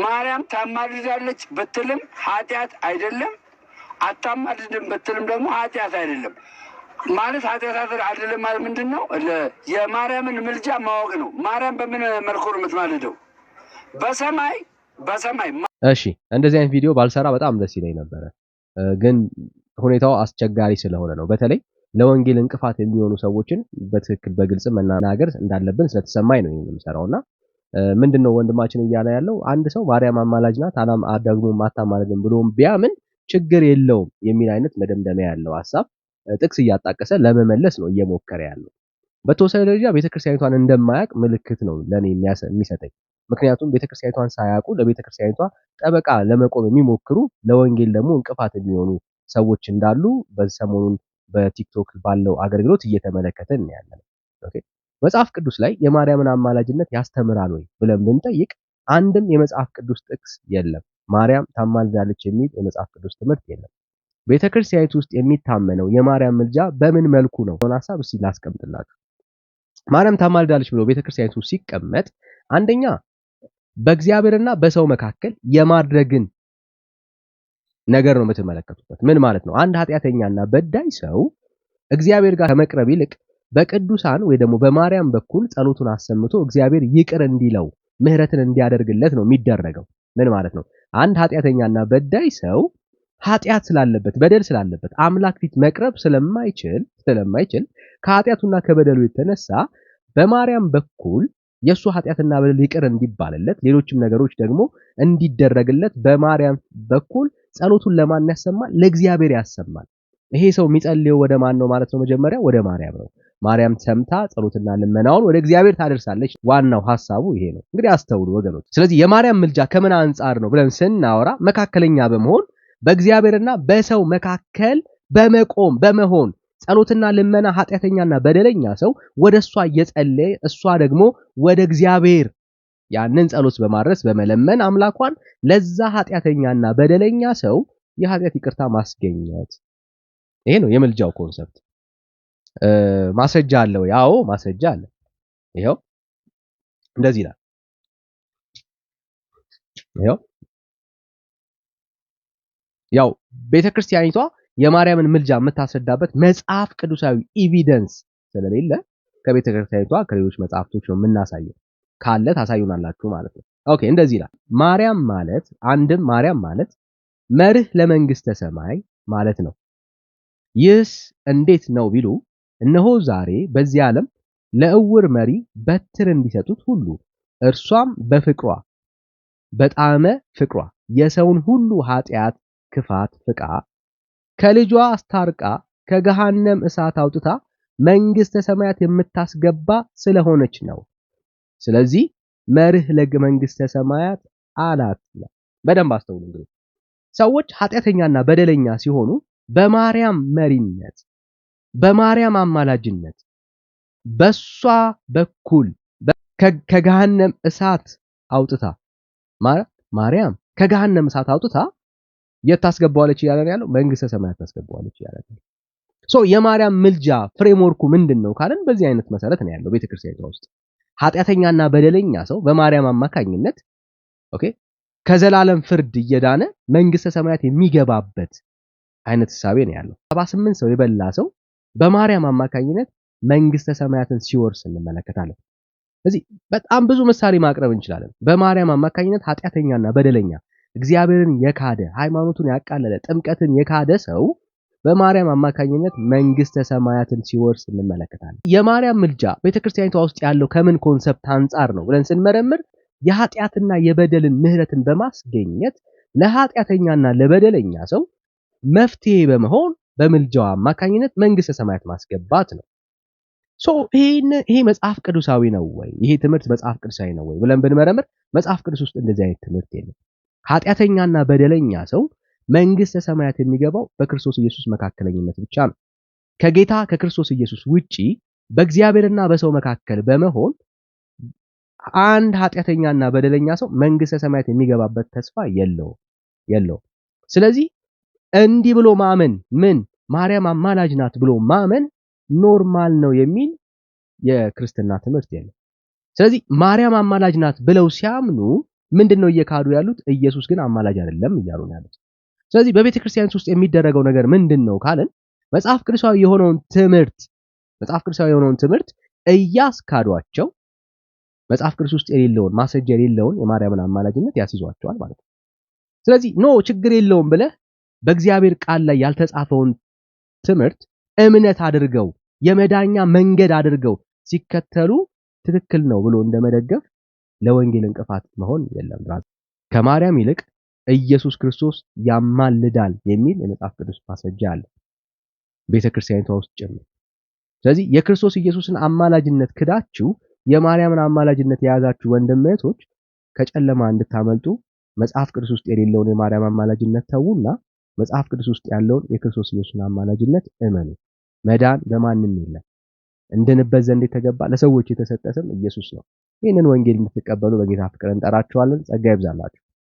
ማርያም ታማልዳለች ብትልም ኃጢአት አይደለም። አታማልድም ብትልም ደግሞ ኃጢአት አይደለም። ማለት ኃጢአት አይደለም ማለት ምንድን ነው? የማርያምን ምልጃ ማወቅ ነው። ማርያም በምን መልኩ ነው የምትማልደው? በሰማይ በሰማይ። እሺ እንደዚህ አይነት ቪዲዮ ባልሰራ በጣም ደስ ይለኝ ነበረ፣ ግን ሁኔታው አስቸጋሪ ስለሆነ ነው። በተለይ ለወንጌል እንቅፋት የሚሆኑ ሰዎችን በትክክል በግልጽ መናገር እንዳለብን ስለተሰማኝ ነው ይሄን የምሰራውና ምንድን ነው ወንድማችን እያለ ያለው አንድ ሰው ማርያም አማላጅ ናት አላም ደግሞም አታማልድም ብሎም ቢያምን ችግር የለውም የሚል አይነት መደምደሚያ ያለው ሀሳብ ጥቅስ እያጣቀሰ ለመመለስ ነው እየሞከረ ያለው። በተወሰነ ደረጃ ቤተክርስቲያኒቷን እንደማያውቅ ምልክት ነው ለእኔ የሚሰጠኝ። ምክንያቱም ቤተክርስቲያኒቷን ሳያውቁ ለቤተክርስቲያኒቷ ጠበቃ ለመቆም የሚሞክሩ ለወንጌል ደግሞ እንቅፋት የሚሆኑ ሰዎች እንዳሉ በሰሞኑን በቲክቶክ ባለው አገልግሎት እየተመለከተ ያለ መጽሐፍ ቅዱስ ላይ የማርያምን አማላጅነት ያስተምራል ወይ ብለን ብንጠይቅ አንድም የመጽሐፍ ቅዱስ ጥቅስ የለም። ማርያም ታማልዳለች የሚል የመጽሐፍ ቅዱስ ትምህርት የለም። ቤተክርስቲያኒቱ ውስጥ የሚታመነው የማርያም ምልጃ በምን መልኩ ነው? ሆነ ሐሳብ እስቲ ላስቀምጥላችሁ። ማርያም ታማልዳለች ብሎ ቤተክርስቲያኒቱ ሲቀመጥ አንደኛ በእግዚአብሔርና በሰው መካከል የማድረግን ነገር ነው የምትመለከቱበት። ምን ማለት ነው? አንድ ኃጢአተኛና በዳይ ሰው እግዚአብሔር ጋር ከመቅረብ ይልቅ በቅዱሳን ወይ ደግሞ በማርያም በኩል ጸሎቱን አሰምቶ እግዚአብሔር ይቅር እንዲለው ምህረትን እንዲያደርግለት ነው የሚደረገው። ምን ማለት ነው? አንድ ኃጢአተኛና በዳይ ሰው ኃጢአት ስላለበት በደል ስላለበት አምላክ ፊት መቅረብ ስለማይችል ስለማይችል ከኃጢአቱና ከበደሉ የተነሳ በማርያም በኩል የእሱ ኃጢአትና በደል ይቅር እንዲባልለት ሌሎችም ነገሮች ደግሞ እንዲደረግለት በማርያም በኩል ጸሎቱን ለማን ያሰማል? ለእግዚአብሔር ያሰማል። ይሄ ሰው የሚጸልየው ወደ ማን ነው ማለት ነው? መጀመሪያ ወደ ማርያም ነው። ማርያም ሰምታ ጸሎትና ልመናውን ወደ እግዚአብሔር ታደርሳለች። ዋናው ሀሳቡ ይሄ ነው። እንግዲህ አስተውሉ ወገኖች። ስለዚህ የማርያም ምልጃ ከምን አንጻር ነው ብለን ስናወራ መካከለኛ በመሆን በእግዚአብሔርና በሰው መካከል በመቆም በመሆን ጸሎትና ልመና ኃጢአተኛና በደለኛ ሰው ወደ እሷ እየጸለየ እሷ ደግሞ ወደ እግዚአብሔር ያንን ጸሎት በማድረስ በመለመን አምላኳን ለዛ ኃጢአተኛና በደለኛ ሰው የኃጢአት ይቅርታ ማስገኘት። ይሄ ነው የምልጃው ኮንሰፕት። ማስረጃ አለው ያው ማስረጃ አለ። ይሄው እንደዚህ ይላል። ይሄው ያው ቤተክርስቲያኒቷ የማርያምን ምልጃ የምታስረዳበት መጽሐፍ ቅዱሳዊ ኤቪደንስ ስለሌለ ከቤተክርስቲያኒቷ ከሌሎች መጽሐፍቶች ነው የምናሳየው። ካለ ታሳዩናላችሁ ማለት ነው። ኦኬ እንደዚህ ይላል። ማርያም ማለት አንድም ማርያም ማለት መርህ ለመንግስተ ሰማይ ማለት ነው። ይህስ እንዴት ነው ቢሉ እነሆ ዛሬ በዚህ ዓለም ለእውር መሪ በትር እንዲሰጡት ሁሉ እርሷም በፍቅሯ በጣመ ፍቅሯ የሰውን ሁሉ ኃጢአት፣ ክፋት ፍቃ ከልጇ አስታርቃ ከገሃነም እሳት አውጥታ መንግስተ ሰማያት የምታስገባ ስለሆነች ነው። ስለዚህ መርህ ለመንግስተ ሰማያት አላት። በደንብ አስተውሉ። እንግዲህ ሰዎች ኃጢአተኛና በደለኛ ሲሆኑ በማርያም መሪነት በማርያም አማላጅነት በሷ በኩል ከገሃነም እሳት አውጥታ ማርያም ከገሃነም እሳት አውጥታ የት ታስገባዋለች ያለው። መንግስተ ሰማያት ታስገባዋለች እያለ ሶ የማርያም ምልጃ ፍሬምወርኩ ምንድን ነው ካለን በዚህ አይነት መሰረት ነው ያለው ቤተክርስቲያን ውስጥ ኃጢአተኛና በደለኛ ሰው በማርያም አማካኝነት ኦኬ ከዘላለም ፍርድ እየዳነ መንግስተ ሰማያት የሚገባበት አይነት ሳቤ ነው ያለው። 78 ሰው የበላ ሰው በማርያም አማካኝነት መንግስተ ሰማያትን ሲወርስ እንመለከታለን። እዚህ በጣም ብዙ ምሳሌ ማቅረብ እንችላለን። በማርያም አማካኝነት ኃጢአተኛና በደለኛ እግዚአብሔርን የካደ ሃይማኖቱን ያቃለለ ጥምቀትን የካደ ሰው በማርያም አማካኝነት መንግስተ ሰማያትን ሲወርስ እንመለከታለን። የማርያም ምልጃ ቤተክርስቲያኒቷ ውስጥ ያለው ከምን ኮንሰፕት አንጻር ነው ብለን ስንመረምር የኃጢአትና የበደልን ምህረትን በማስገኘት ለኃጢአተኛና ለበደለኛ ሰው መፍትሄ በመሆን በምልጃው አማካኝነት መንግስተ ሰማያት ማስገባት ነው። ሶ ይሄ መጽሐፍ ቅዱሳዊ ነው ወይ ይሄ ትምህርት መጽሐፍ ቅዱሳዊ ነው ወይ ብለን ብንመረምር መጽሐፍ ቅዱስ ውስጥ እንደዚህ አይነት ትምህርት የለም። ኃጢአተኛና በደለኛ ሰው መንግስተ ሰማያት የሚገባው በክርስቶስ ኢየሱስ መካከለኝነት ብቻ ነው። ከጌታ ከክርስቶስ ኢየሱስ ውጪ በእግዚአብሔርና በሰው መካከል በመሆን አንድ ኃጢአተኛና በደለኛ ሰው መንግስተ ሰማያት የሚገባበት ተስፋ የለው የለው ስለዚህ እንዲህ ብሎ ማመን ምን ማርያም አማላጅ ናት ብሎ ማመን ኖርማል ነው የሚል የክርስትና ትምህርት የለም። ስለዚህ ማርያም አማላጅ ናት ብለው ሲያምኑ ምንድን ነው እየካዱ ያሉት? ኢየሱስ ግን አማላጅ አይደለም እያሉ ነው ያሉት። ስለዚህ በቤተ ክርስቲያን ውስጥ የሚደረገው ነገር ምንድን ነው ካልን መጽሐፍ ቅዱሳዊ የሆነውን ትምህርት መጽሐፍ ቅዱሳዊ የሆነውን ትምህርት እያስካዷቸው መጽሐፍ ቅዱስ ውስጥ የሌለውን ማስረጃ የሌለውን የማርያምን አማላጅነት ያስይዟቸዋል ማለት ነው። ስለዚህ ኖ ችግር የለውም ብለህ በእግዚአብሔር ቃል ላይ ያልተጻፈውን ትምህርት እምነት አድርገው የመዳኛ መንገድ አድርገው ሲከተሉ ትክክል ነው ብሎ እንደመደገፍ ለወንጌል እንቅፋት መሆን የለም። ራሱ ከማርያም ይልቅ ኢየሱስ ክርስቶስ ያማልዳል የሚል የመጽሐፍ ቅዱስ ማስረጃ አለ ቤተክርስቲያኒቷ ውስጥ ጭምር። ስለዚህ የክርስቶስ ኢየሱስን አማላጅነት ክዳችሁ የማርያምን አማላጅነት የያዛችሁ ወንድምህቶች ከጨለማ እንድታመልጡ መጽሐፍ ቅዱስ ውስጥ የሌለውን የማርያም አማላጅነት ተዉና መጽሐፍ ቅዱስ ውስጥ ያለውን የክርስቶስ ኢየሱስን አማላጅነት እመኑ። መዳን በማንም የለም፣ እንድንበት ዘንድ የተገባ ለሰዎች የተሰጠ ስም ኢየሱስ ነው። ይህንን ወንጌል እንድትቀበሉ በጌታ ፍቅር እንጠራችኋለን። ጸጋ ይብዛላችሁ።